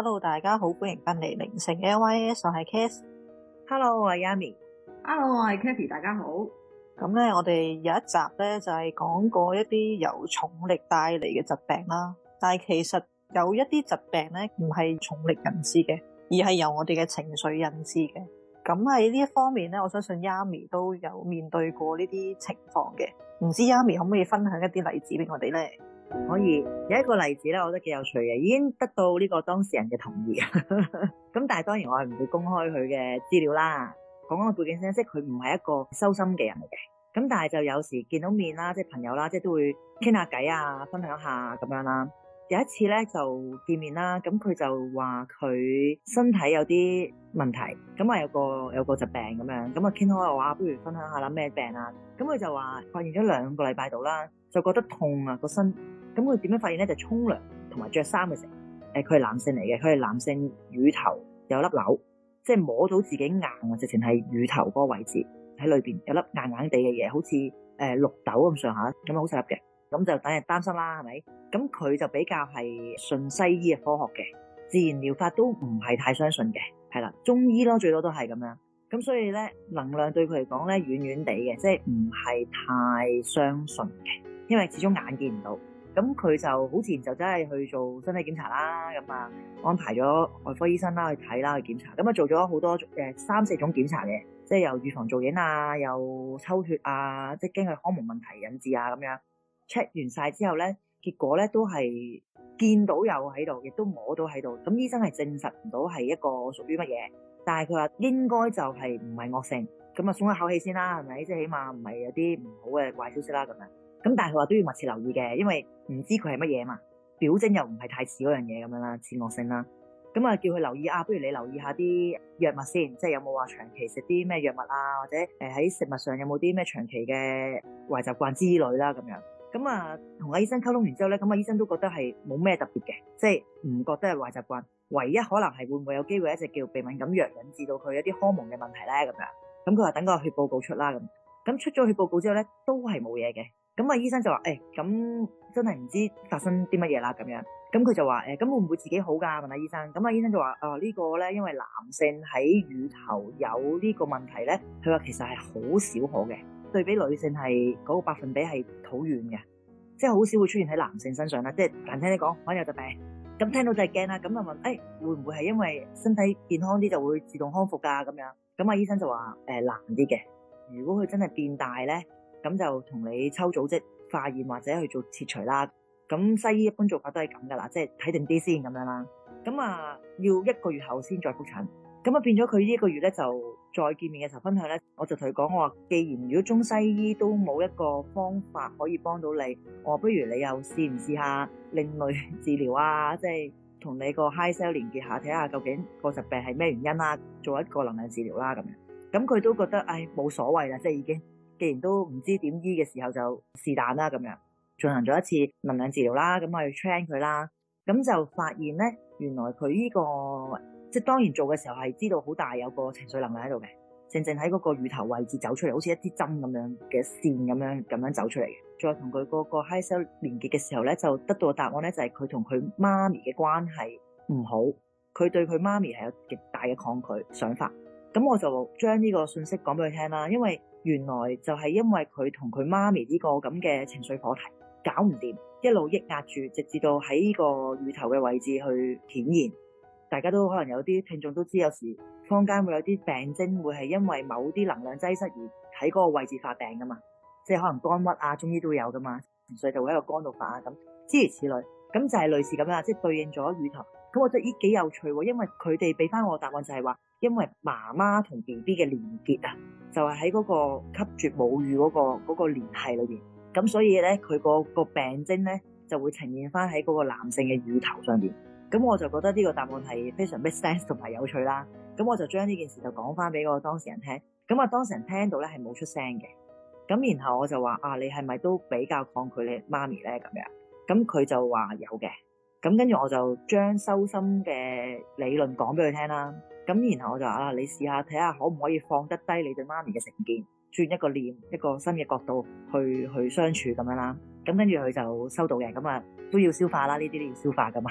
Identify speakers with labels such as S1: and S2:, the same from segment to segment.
S1: Hello，大家好，歡迎翻嚟靈性 LYS，我係 Kes。Hello，我係 Yami。Hello，我係 Kathy，大家好。咁咧，我哋有一集咧就係、是、講過一啲由重力帶嚟嘅疾病啦。但係其實有一啲疾病咧唔係重力引致嘅，而係由我哋嘅情緒引致嘅。咁喺呢一方面咧，我相信 Yami 都有面對過呢啲情況嘅。唔知 Yami 可唔可以分享一啲例子俾我哋咧？
S2: 可以有一個例子咧，我覺得幾有趣嘅，已經得到呢個當事人嘅同意，咁但係當然我係唔會公開佢嘅資料啦。講講個背景先，即係佢唔係一個修心嘅人嚟嘅，咁但係就有時見到面啦，即係朋友啦，即係都會傾下偈啊，分享下咁樣啦。有一次咧就見面啦，咁佢就話佢身體有啲問題，咁話有個有個疾病咁樣，咁啊傾開我話不如分享下啦咩病啊，咁佢就話發現咗兩個禮拜度啦。就覺得痛啊！個身咁佢點樣發現咧？就沖涼同埋着衫嘅時候，佢、呃、係男性嚟嘅，佢係男性乳頭有粒瘤，即、就、係、是、摸到自己硬啊！直情係乳頭嗰個位置喺裏邊有粒硬硬地嘅嘢，好似誒、呃、綠豆咁上下咁好細粒嘅咁就等日擔心啦，係咪？咁佢就比較係信西醫嘅科學嘅自然療法都唔係太相信嘅係啦，中醫咯最多都係咁樣咁，所以咧能量對佢嚟講咧軟軟地嘅，即係唔係太相信嘅。因為始終眼見唔到，咁佢就好自然就真係去做身體檢查啦。咁啊，安排咗外科醫生啦去睇啦去檢查，咁啊做咗好多誒、呃、三四種檢查嘅，即係又預防造影啊，又抽血啊，即係驚佢胸膜問題引致啊咁樣，check 完晒之後咧，結果咧都係見到有喺度，亦都摸到喺度。咁醫生係證實唔到係一個屬於乜嘢，但係佢話應該就係唔係惡性，咁啊鬆一口氣先啦，係咪？即係起碼唔係有啲唔好嘅壞消息啦，咁樣。咁，但係佢話都要密切留意嘅，因為唔知佢係乜嘢嘛，表徵又唔係太似嗰樣嘢咁樣啦，似惡性啦。咁、嗯、啊，叫佢留意啊，不如你留意一下啲藥物先，即係有冇話長期食啲咩藥物啊，或者誒喺食物上有冇啲咩長期嘅壞習慣之類啦，咁樣咁啊，同、嗯、阿醫生溝通完之後咧，咁阿醫生都覺得係冇咩特別嘅，即係唔覺得係壞習慣，唯一可能係會唔會有機會一直叫鼻敏感藥引致到佢有啲康蒙嘅問題咧咁樣。咁佢話等個血報告出啦，咁咁出咗血報告之後咧都係冇嘢嘅。咁啊，醫生就話：，誒、欸，咁真係唔知發生啲乜嘢啦，咁樣。咁佢就話：，誒、欸，咁會唔會自己好噶？問下醫生。咁啊，醫生就話：，啊、呃，這個、呢個咧，因為男性喺乳頭有呢個問題咧，佢話其實係好少可嘅，對比女性係嗰個百分比係好遠嘅，即係好少會出現喺男性身上啦。即、就、係、是、難聽啲講，可能有疾病。咁聽到就係驚啦。咁啊問：，誒、欸，會唔會係因為身體健康啲就會自動康復噶？咁樣。咁啊，醫生就話：，誒、欸，難啲嘅。如果佢真係變大咧，咁就同你抽組織化驗或者去做切除啦。咁西醫一般做法都係咁噶啦，即係睇定啲先咁樣啦。咁啊，要一個月後先再復診。咁啊變咗佢呢一個月咧，就再見面嘅時候分享咧，我就同佢講，我話既然如果中西醫都冇一個方法可以幫到你，我不如你又試唔試下另類治療啊，即係同你個 high cell 連結下，睇下究竟個疾病係咩原因啦，做一個能量治療啦咁樣。咁佢都覺得唉冇所謂啦，即係已經。既然都唔知點醫嘅時候就，就是但啦。咁樣進行咗一次能量治療啦，咁去 train 佢啦，咁就發現呢，原來佢呢、呢個即係當然做嘅時候係知道好大有個情緒能量喺度嘅，靜靜喺嗰個乳頭位置走出嚟，好似一支針咁樣嘅線咁樣咁樣走出嚟嘅。再同佢嗰個 High Self 連結嘅時候呢，就得到嘅答案呢，就係佢同佢媽咪嘅關係唔好，佢對佢媽咪係有極大嘅抗拒想法。咁我就將呢個信息講俾佢聽啦，因為。原來就係因為佢同佢媽咪呢個咁嘅情緒火題搞唔掂，一路抑壓住，直至到喺呢個乳頭嘅位置去顯現。大家都可能有啲聽眾都知，有時坊間會有啲病徵會係因為某啲能量擠失而喺嗰個位置發病噶嘛，即係可能肝鬱啊，中醫都有噶嘛，情緒就會喺個肝度化啊，咁諸如此類，咁就係類似咁啦，即係對應咗乳頭。咁我覺得依幾有趣，因為佢哋俾翻我答案就係話。因為媽媽同 B B 嘅連結啊，就係喺嗰個吸啜母乳嗰個嗰個聯繫裏邊咁，所以咧佢個病徵咧就會呈現翻喺嗰個男性嘅乳頭上邊咁。我就覺得呢個答案係非常 make sense 同埋有趣啦。咁我就將呢件事就講翻俾個當事人聽咁啊。當事人聽到咧係冇出聲嘅咁，然後我就話啊，你係咪都比較抗拒你媽咪咧？咁樣咁佢就話有嘅咁，跟住我就將修心嘅理論講俾佢聽啦。咁然後我就話啊，你試下睇下可唔可以放得低你對媽咪嘅成見，轉一個念，一個新嘅角度去去相處咁樣啦。咁跟住佢就收到嘅，咁啊都要消化啦，呢啲都要消化噶嘛。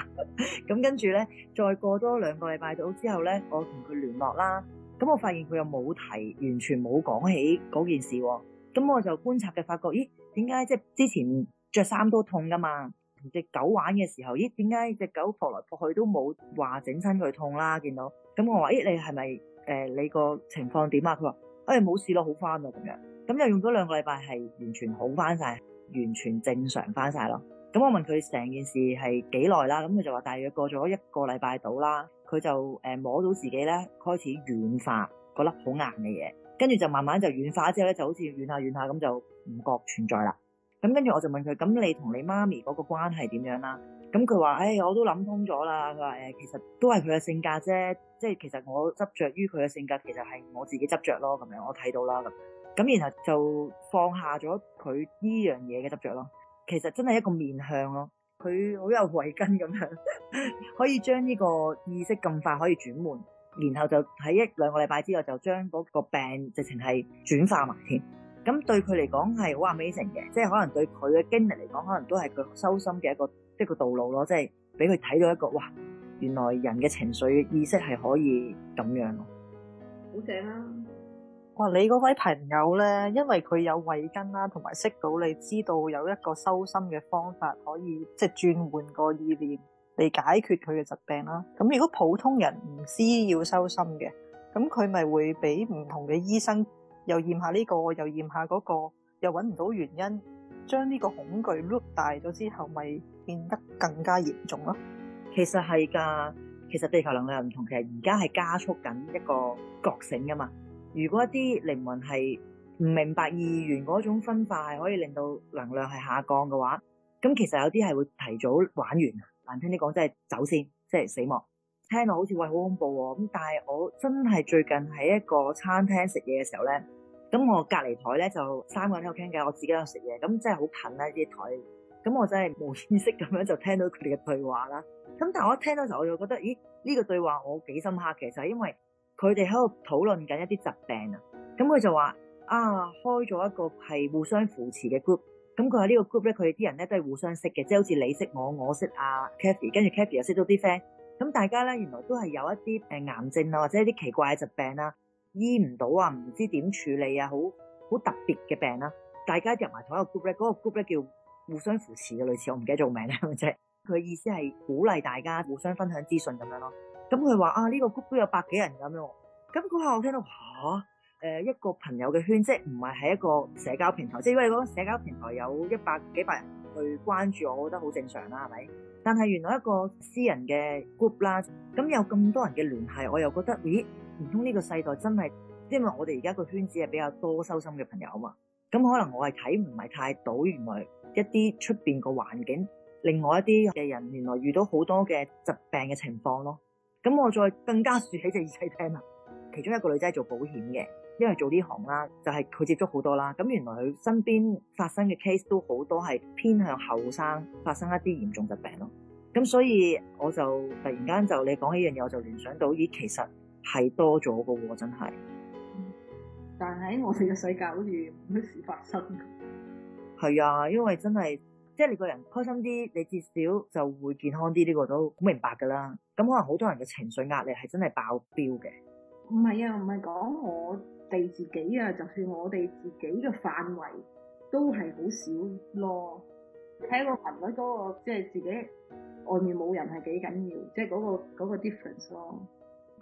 S2: 咁跟住咧，再過多兩個禮拜到之後咧，我同佢聯絡啦。咁我發現佢又冇提，完全冇講起嗰件事喎。咁我就觀察嘅，發覺咦，點解即係之前着衫都痛噶嘛？同隻狗玩嘅時候，咦？點解隻狗撲來撲去都冇話整親佢痛啦？見到咁我話：，咦、欸？你係咪誒？你個情況點啊？佢話：，哎，冇事咯，好翻啦咁樣。咁又用咗兩個禮拜，係完全好翻晒，完全正常翻晒咯。咁我問佢成件事係幾耐啦？咁佢就話：，大約過咗一個禮拜到啦。佢就誒摸到自己咧，開始軟化個粒好硬嘅嘢，跟住就慢慢就軟化之後咧，就好似軟下軟下咁就唔覺存在啦。咁跟住我就問佢，咁你同你媽咪嗰個關係點樣啦？咁佢話：，唉、哎，我都諗通咗啦。佢話：，誒、呃，其實都係佢嘅性格啫，即係其實我執着於佢嘅性格，其實係我自己執着咯。咁樣我睇到啦，咁，咁然後就放下咗佢呢樣嘢嘅執着咯。其實真係一個面向咯，佢好有慧根咁樣， 可以將呢個意識咁快可以轉換，然後就喺一兩個禮拜之後就將嗰個病直情係轉化埋添。咁對佢嚟講係好 Amazing 嘅，即係可能對佢嘅經歷嚟講，可能都係佢修心嘅一個，即係個道路咯。即係俾佢睇到一個，哇！原來人嘅情緒意識係可以咁樣咯，好
S1: 正啦！哇！你嗰位朋友咧，因為佢有慧根啦，同埋識到你知道有一個修心嘅方法，可以即係轉換個意念嚟解決佢嘅疾病啦。咁如果普通人唔知要修心嘅，咁佢咪會俾唔同嘅醫生？又驗下呢個，又驗下嗰個，又揾唔到原因，將呢個恐懼碌大咗之後，咪變得更加嚴重咯。其實係㗎，其實地球能量唔同，其實而
S2: 家係加速緊一個覺醒㗎嘛。如果一啲靈魂係唔明白二元嗰種分化，係可以令到能量係下降嘅話，咁其實有啲係會提早玩完啊。難聽啲講，即係走先，即係死亡。聽落好似喂，好恐怖喎咁，但係我真係最近喺一個餐廳食嘢嘅時候呢。咁我隔離台咧就三個人喺度傾偈，我自己喺度食嘢，咁真係好近啦啲台。咁我真係無意識咁樣就聽到佢哋嘅對話啦。咁但係我一聽到時候我就覺得，咦，呢個對話我幾深刻嘅，就係因為佢哋喺度討論緊一啲疾病啊。咁佢就話啊開咗一個係互相扶持嘅 group。咁佢話呢個 group 咧，佢哋啲人咧都係互相識嘅，即係好似你識我，我識阿 Kathy，跟住 Kathy 又識咗啲 friend。咁大家咧原來都係有一啲誒癌症啊或者一啲奇怪嘅疾病啦。醫唔到啊，唔知點處理啊，好好特別嘅病啦。大家入埋同一個 group 咧，嗰、那個 group 咧叫互相扶持嘅類似，我唔記得咗個名啦。即係佢意思係鼓勵大家互相分享資訊咁樣咯。咁佢話啊呢、這個 group 都有百幾人咁樣，咁嗰下我聽到吓，誒、啊呃、一個朋友嘅圈即係唔係喺一個社交平台，即係因為嗰個社交平台有一百幾百人去關注，我覺得好正常啦，係咪？但係原來一個私人嘅 group 啦，咁有咁多人嘅聯繫，我又覺得咦。唔通呢個世代真係，因為我哋而家個圈子係比較多修心嘅朋友啊嘛。咁可能我係睇唔係太到原來一啲出面個環境，另外一啲嘅人原來遇到好多嘅疾病嘅情況咯。咁我再更加豎起隻耳仔聽啦，其中一個女仔係做保險嘅，因為做呢行啦，就係佢接觸好多啦。咁原來佢身邊發生嘅 case 都好多係偏向後生發生一啲嚴重疾病咯。咁所以我就突然間就你講起樣嘢，我就聯想到咦，其實。係多咗噶，真係、嗯。
S1: 但喺我哋嘅世界，好似冇乜事發生的。係啊，因為真係，即係你個人開心啲，
S2: 你至少就會健康啲。呢、呢個都好明白噶啦。咁可能好多人嘅情緒壓力係真係
S1: 爆表嘅。唔係啊，唔係講我哋自己啊，就算我哋自己嘅範圍都係好少咯。睇個群嗰個即係、即係、自己外面冇人係幾緊要，即係嗰個、嗰個 difference 咯。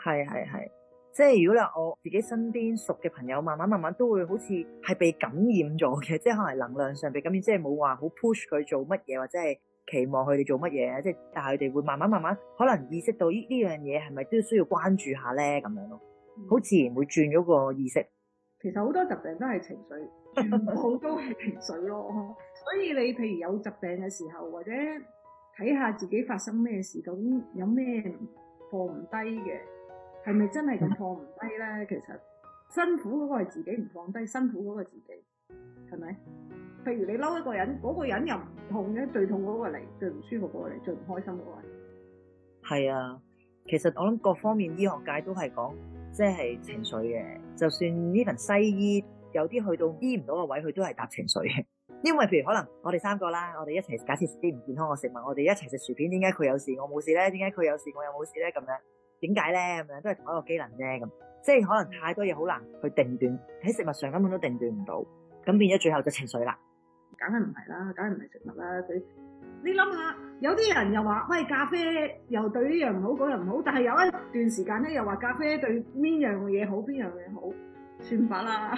S2: 係係係，即係如果你話，我自己身邊熟嘅朋友，慢慢慢慢都會好似係被感染咗嘅，即係可能能量上被感染，即係冇話好 push 佢做乜嘢，或者係期望佢哋做乜嘢，即係但係佢哋會慢慢慢慢可能意識到呢呢樣嘢係咪都需要關注下咧，咁樣咯，好自然會轉咗個意識。其實好多疾病都係情緒，
S1: 好多係情緒咯，所以你譬如有疾病嘅時候，或者睇下自己發生咩事，究竟有咩放唔低嘅？係咪真係咁放唔低咧？其實辛苦嗰個係自己唔放低，辛苦嗰個是自己係咪？譬如你嬲一個人，嗰、那個人又唔痛嘅，最痛嗰個嚟，最唔舒服嗰個嚟，最唔開心嗰個。
S2: 係啊，其實我諗各方面醫學界都係講，即、就、係、是、情緒嘅。就算呢份西醫有啲去到醫唔到嘅位，佢都係搭情緒。因為譬如可能我哋三個啦，我哋一齊假設食啲唔健康嘅食物，我哋一齊食薯片，點解佢有事我冇事咧？點解佢有事我又冇事咧？咁樣。點解咧？咁樣都係同一個機能啫，咁，即係可能太多嘢好難去定斷，喺食物上根本都定斷唔到，咁變咗最後就情緒啦，
S1: 梗係唔係啦，梗係唔係食物啦。你你諗下，有啲人又話，喂，咖啡又對呢樣唔好，嗰樣唔好，但係有一段時間咧又話咖啡對邊樣嘅嘢好，邊樣嘢好，算乜啦？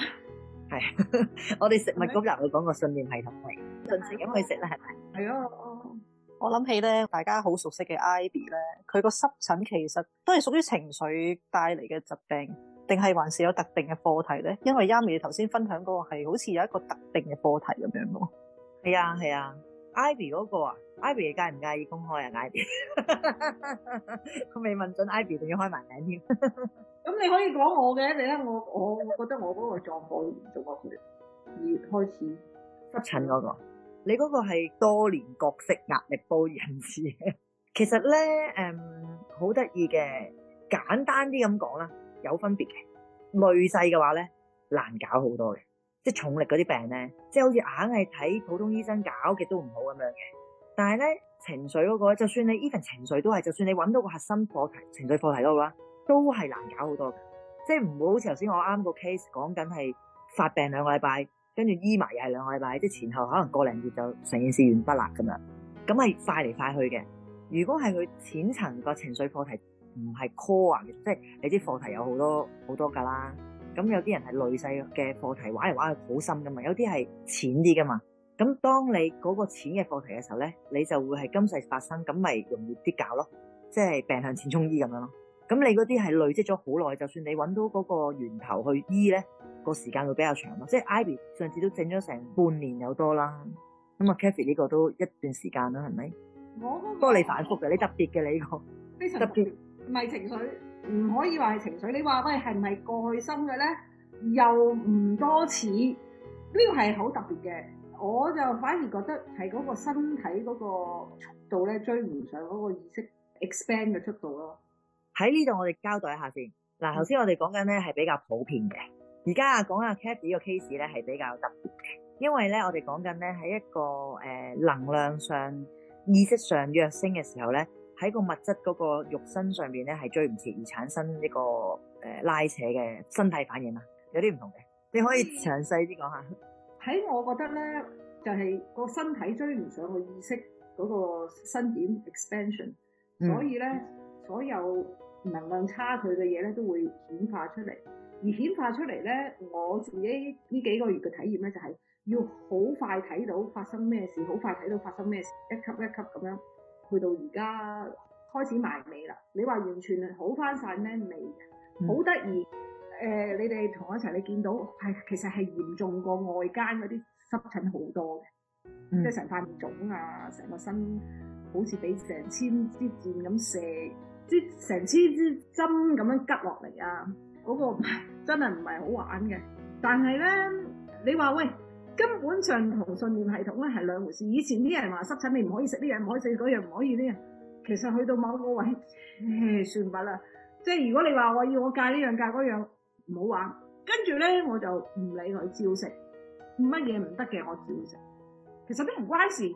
S1: 係，我哋食物嗰集佢講個信念系統嚟，盡情咁去食啦，係咪？係囉。我諗起咧，大家好熟悉嘅 Ivy 咧，佢個濕疹其實都係屬於情緒帶嚟嘅疾病，定係還是有特定嘅課題咧？因為 Yami 頭先分享嗰個係好似有一個特定嘅課題咁樣咯。係啊係啊、
S2: 嗯、，Ivy 嗰個啊，Ivy 介唔介意公開啊？Ivy，佢未 問準 Ivy，仲要開埋名添。
S1: 咁 你可以講我嘅，你咧我
S2: 我我覺得我嗰個狀況做過佢，而開始濕疹嗰、那個。你嗰個係多年角色壓力煲人士嘅。 其實咧，誒好得意嘅，簡單啲咁講啦，有分別嘅，累世嘅話咧難搞好多嘅，即係重力嗰啲病咧，即係好似硬係睇普通醫生搞嘅都唔好咁樣嘅。但係咧情緒嗰、嗰個，就算你 even 情緒都係，就算你揾到個核心課題，情緒課題都好啦，都係難搞好多嘅，即係唔會好似頭先我啱個 case 講緊係發病兩個禮拜。跟住醫埋又係兩個禮拜，即係前後可能個零月就成件事完畢啦咁樣。咁係快嚟快去嘅。如果係佢淺層個情緒課題唔係 core 嘅，即係你啲課題有好多好多㗎啦。咁有啲人係累世嘅課題玩嚟玩去好深噶嘛，有啲係淺啲噶嘛。咁當你嗰個淺嘅課題嘅時候咧，你就會係今世發生，咁咪容易啲搞咯，即係病向淺中醫咁樣咯。咁你嗰啲係累積咗好耐，就算你揾到嗰個源頭去醫咧。個時間會比較長咯，即係 Ivy 上次都整咗成半年有多啦，咁啊 Kathy 呢個都一段時間啦，係咪？
S1: 我不過你反覆
S2: 嘅，你特別嘅你、呢個非常特別，唔
S1: 係情緒，唔可以話係情緒。你話喂，係唔係過去生嘅咧？又唔多似，呢個係好特別嘅，我就反而覺得係嗰個身體嗰個速度咧追唔上嗰個意識 expand 嘅速度咯。喺呢度我哋交代
S2: 一下先，嗱頭先我哋講緊咧係比較普遍嘅。而家啊，講下 Cathy 個 case 咧，係比較特別嘅，因為咧，我哋講緊咧喺一個誒能量上、意識上躍升嘅時候咧，喺個物質嗰個肉身上邊咧係追唔切，而產生呢個誒拉扯嘅身體反應啊，有啲唔同嘅，你可以詳細啲講下。
S1: 喺我覺得咧，就係、是、個身體追唔上個意識嗰個伸展 expansion，、嗯、所以咧所有能量差距嘅嘢咧都會顯化出嚟。而顯化出嚟咧，我自己呢幾個月嘅體驗咧，就係要好快睇到發生咩事，好快睇到發生咩事，一級一級咁樣去到而家開始埋尾啦。你話完全好翻晒咩味？好得意誒！你哋同我一齊，你見到係其實係嚴重過外間嗰啲濕疹好多嘅，嗯、即係成塊面腫啊，成個身好似俾成千支箭咁射，即係成千支針咁樣拮落嚟啊！嗰個真係唔係好玩嘅，但係咧，你話喂根本上同信念系統咧係兩回事。以前啲人話濕疹，你唔可以食呢樣，唔可以食嗰樣，唔可以呢樣，其實去到某個位，唉算法啦。即係如果你話我要我戒呢樣戒嗰樣，唔好玩。跟住咧我就唔理佢照食，乜嘢唔得嘅我照食。其實啲唔關事。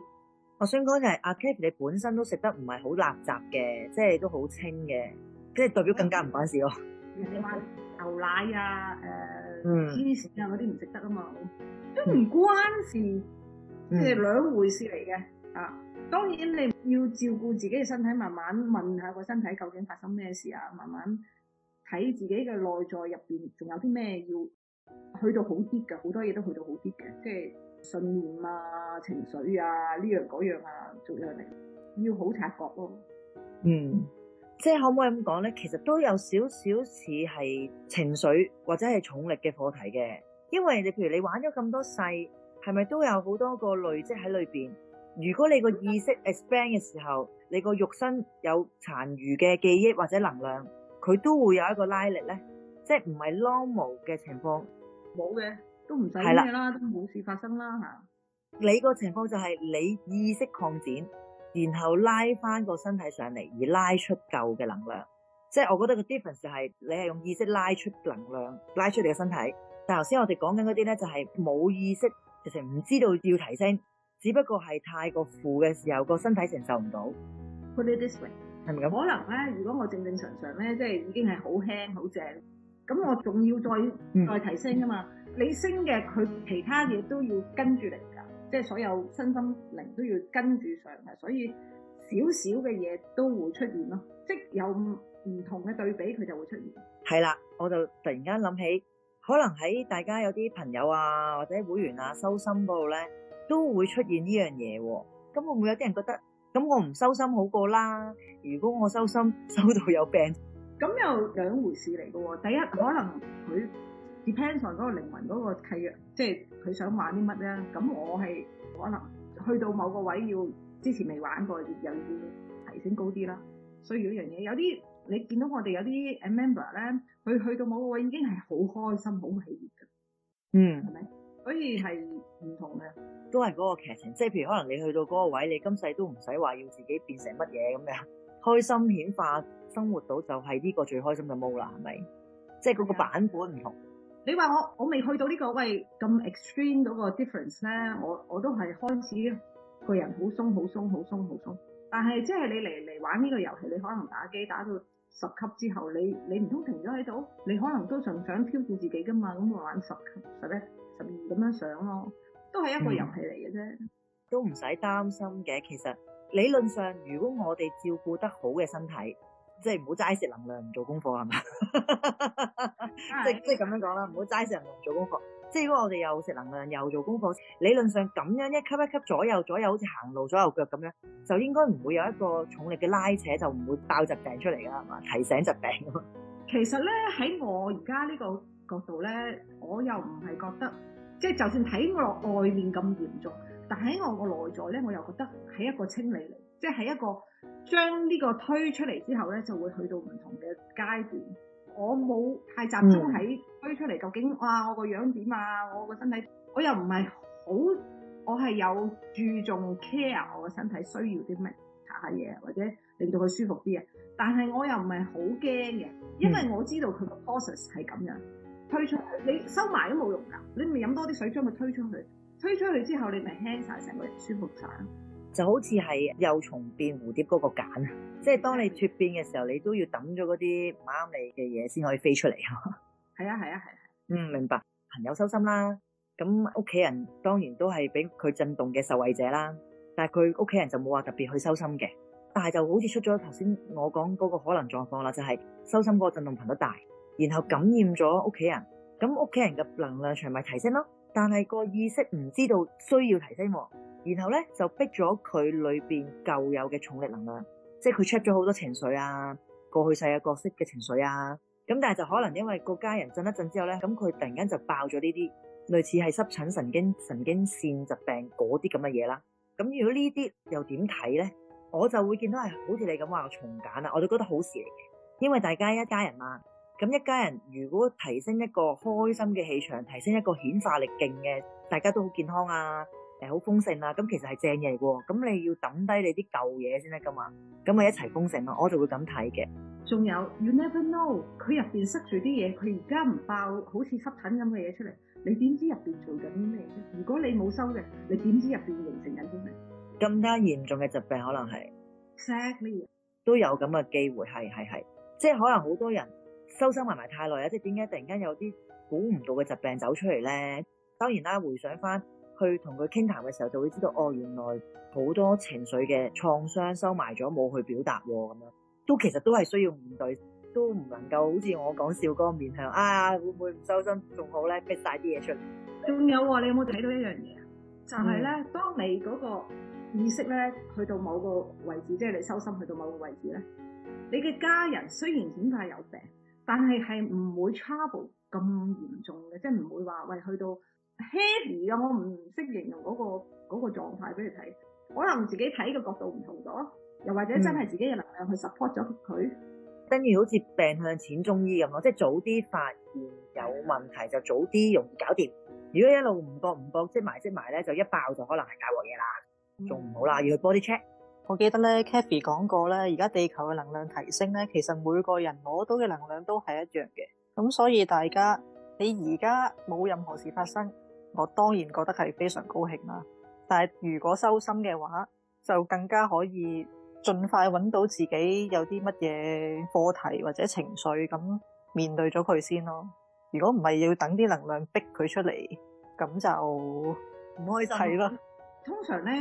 S1: 我想講就係阿 k
S2: a 你本身都食得唔係好垃圾嘅，即係都好清嘅，即係代表更加唔關事咯。
S1: 人哋話牛奶啊、誒芝士啊嗰啲唔食得啊嘛，嗯、都唔關事，
S2: 即係
S1: 兩回事嚟嘅啊。當然你要照顧自己嘅身體，慢慢問下個身體究竟發生咩事啊，慢慢睇自己嘅內在入邊仲有啲咩要去到好啲嘅，好多嘢都去到好啲嘅，即係信念啊、情緒啊呢樣嗰樣啊，做落嚟要好察覺咯。嗯。即係可唔可以咁講咧？其實都有少
S2: 少似係情緒或者係重力嘅課題嘅，因為你譬如你玩咗咁多世，係咪都有好多個累積喺裏邊？如果你個意識 expand 嘅時候，你個肉身有殘餘嘅記憶或者能量，佢都會有一個拉力咧，即係唔係 normal 嘅情況冇嘅，都唔使咩啦，
S1: 都冇事發生啦嚇。你
S2: 個情況就係你意識擴展。然後拉翻個身體上嚟，而拉出舊嘅能量，即係我覺得個 difference 係你係用意識拉出能量，拉出你嘅身體。但係頭先我哋講緊嗰啲咧，就係冇意識，其實唔知道要提升，只不過係太過負嘅時候，個身體承受唔到。
S1: Put it this way，係咪咁？可能咧，如果我正正常常咧，即係已經係好輕好正，咁我仲要再、嗯、再提升啊嘛。你升嘅，佢其他嘢都要跟住嚟。即係所有身心靈都要跟住上嚟，所以少少嘅嘢都會出現咯。即有唔同嘅對比，佢就會出現。
S2: 係啦，我就突然間諗起，可能喺大家有啲朋友啊，或者會員啊，收心嗰度咧，都會出現呢樣嘢。咁會唔會有啲人覺得，咁
S1: 我唔收心好過啦？如果我收心收到有病，咁又兩回事嚟嘅喎。第一，可能佢。Depends on 嗰個靈魂嗰個契約，即係佢想玩啲乜咧？咁我係可能去到某個位要，之前未玩過，又要提升高啲啦。需要呢樣嘢。有啲你見到我哋有啲 member 咧，佢去到某個位已經係好開心、好喜悅㗎。嗯，係咪？所以係唔同嘅。
S2: 都係嗰個劇情，即係譬如可能你去到嗰個位，你今世都唔使話要自己變成乜嘢咁樣，開心顯化，生活到就係呢個最開心嘅毛啦，
S1: 係咪？即係嗰個版本唔同。Yeah. 你話，我我未去到這個這呢個位咁 extreme 嗰個 difference 咧，我我都係開始個人好鬆好鬆好鬆好鬆。但係即係你嚟嚟玩呢個遊戲，你可能打機打到十級之後，你你唔通停咗喺度？你可能都仲想挑戰自己㗎嘛？咁我玩十級、十一、十二咁樣上咯，都係一個遊戲嚟嘅啫，都唔使擔心嘅。其實理論
S2: 上，如果我哋照顧得好嘅身體。即係唔好齋食能量唔做功課係嘛？即係即係咁樣講啦，唔好齋食能量唔做功課。即係如果我哋又食能量又做功課，理論上咁樣一吸一吸左右左右，好似行路左右腳咁樣，就應該唔會有一個重力嘅拉扯，就唔會爆疾病出嚟噶係嘛，提醒疾病。
S1: 其實咧喺我而家呢個角度咧，我又唔係覺得，即係就算睇我外面咁嚴重，但喺我個內在咧，我又覺得係一個清理嚟。即係一個將呢個推出嚟之後咧，就會去到唔同嘅階段。我冇太集中喺推出嚟、嗯，究竟哇，我個樣點啊？我個身體，我又唔係好，我係有注重 care 我個身體需要啲咩下嘢，或者令到佢舒服啲啊。但係我又唔係好驚嘅，因為我知道佢個 process 係咁樣、嗯、推出嚟。你收埋都冇用㗎，你咪飲多啲水將佢推出去。推出去之後，你咪輕晒成個人舒服晒。
S2: 就好似係幼蟲變蝴蝶嗰個繭，即係當你脱變嘅時候，你都要揼咗嗰啲唔啱你嘅嘢，先可以飛出嚟。係啊，
S1: 係啊，係啊。
S2: 嗯，明白。朋友收心啦，咁屋企人當然都係俾佢震動嘅受惠者啦，但係佢屋企人就冇話特別去收心嘅，但係就好似出咗頭先我講嗰個可能狀況啦，就係收心嗰個震動頻度大，然後感染咗屋企人，咁屋企人嘅能量場咪提升咯，但係個意識唔知道需要提升喎。然後咧就逼咗佢裏邊舊有嘅重力能量，即係佢 check 咗好多情緒啊，過去世嘅角色嘅情緒啊，咁但係就可能因為個家人震一震之後咧，咁佢突然間就爆咗呢啲類似係濕疹、神經神經線疾病嗰啲咁嘅嘢啦。咁如果呢啲又點睇咧？我就會見到係好似你咁話重簡啦，我就覺得好事嚟嘅，因為大家一家人嘛，咁一家人如果提升一個開心嘅氣場，提升一個顯化力勁嘅，大家都好健康啊。誒、啊，好豐盛啦，咁其實係正嘢嚟嘅，咁你要抌低你啲舊嘢先得噶嘛，咁咪一齊豐盛咯、啊，我就會咁睇嘅。
S1: 仲有，you never know，佢入邊塞住啲嘢，佢而家唔爆，好似濕疹咁嘅嘢出嚟，你點知入邊做緊啲咩咧？如果你冇收嘅，你點知入邊形成
S2: 緊啲咩？更加嚴重嘅疾病可能係 Exactly，都有咁嘅機會，係係係，即係可能好多人收收埋埋太耐啊，即係點解突然間有啲估唔到嘅疾病走出嚟咧？當然啦，回想翻。去同佢傾談嘅時候，就會知道哦，原來好多情緒嘅創傷收埋咗，冇去表達喎，咁樣都其實都係需要面對，都唔能夠好似我講笑嗰個面向啊，會唔會唔收心仲好咧，逼晒啲嘢出
S1: 嚟？仲有你有冇睇到一樣嘢啊？就係咧，嗯，當你嗰個意識咧去到某個位置，即係你收心去到某個位置咧，你嘅家人雖然顯化有病，但係係唔會 trouble 咁嚴重嘅，即係唔會話喂去到。Kathy，我唔識形容嗰、那個嗰、那個狀態俾你睇。可能自己睇嘅角度唔同咗，又或者真係自己嘅能量去 support 咗佢。跟、嗯、於好似病向淺中醫
S2: 咁咯，即係早啲發現有問題就早啲容易搞掂。如果一路唔覺唔覺，即埋即埋咧，就一爆就可能係大鑊嘢啦，
S1: 仲唔好啦，要去 body check。我記得咧，Kathy 講過咧，而家地球嘅能量提升咧，其實每個人攞到嘅能量都係一樣嘅。咁所以大家你而家冇任何事發生。我當然覺得係非常高興啦，但係如果收心嘅話，就更加可以盡快揾到自己有啲乜嘢課題或者情緒咁面對咗佢先咯。如果唔係要等啲能量逼佢出嚟，咁就唔可以睇咯。通常呢，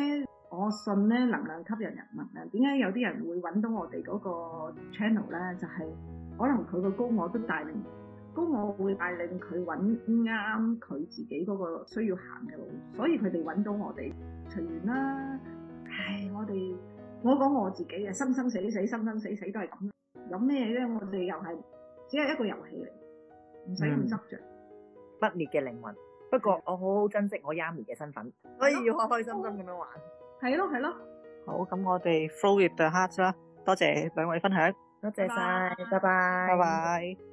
S1: 我信呢能量吸引人，能量點解有啲人會揾到我哋嗰個 channel 呢？就係、是、可能佢個高我都帶。唔。咁我會帶領佢揾啱佢自己嗰個需要行嘅路，所以佢哋揾到我哋隨緣啦。唉，我哋我講我自己啊，生生死死，生生死死都係咁。有咩呢？我哋又係只係一個遊戲嚟，唔使咁執著。不滅嘅靈魂，不過我好好珍惜我丫咪嘅身份，所以要開開心心咁樣玩。係咯，係咯。好，咁我哋 flow with the heart 啦，多謝兩位分享。多謝晒，拜拜。拜拜。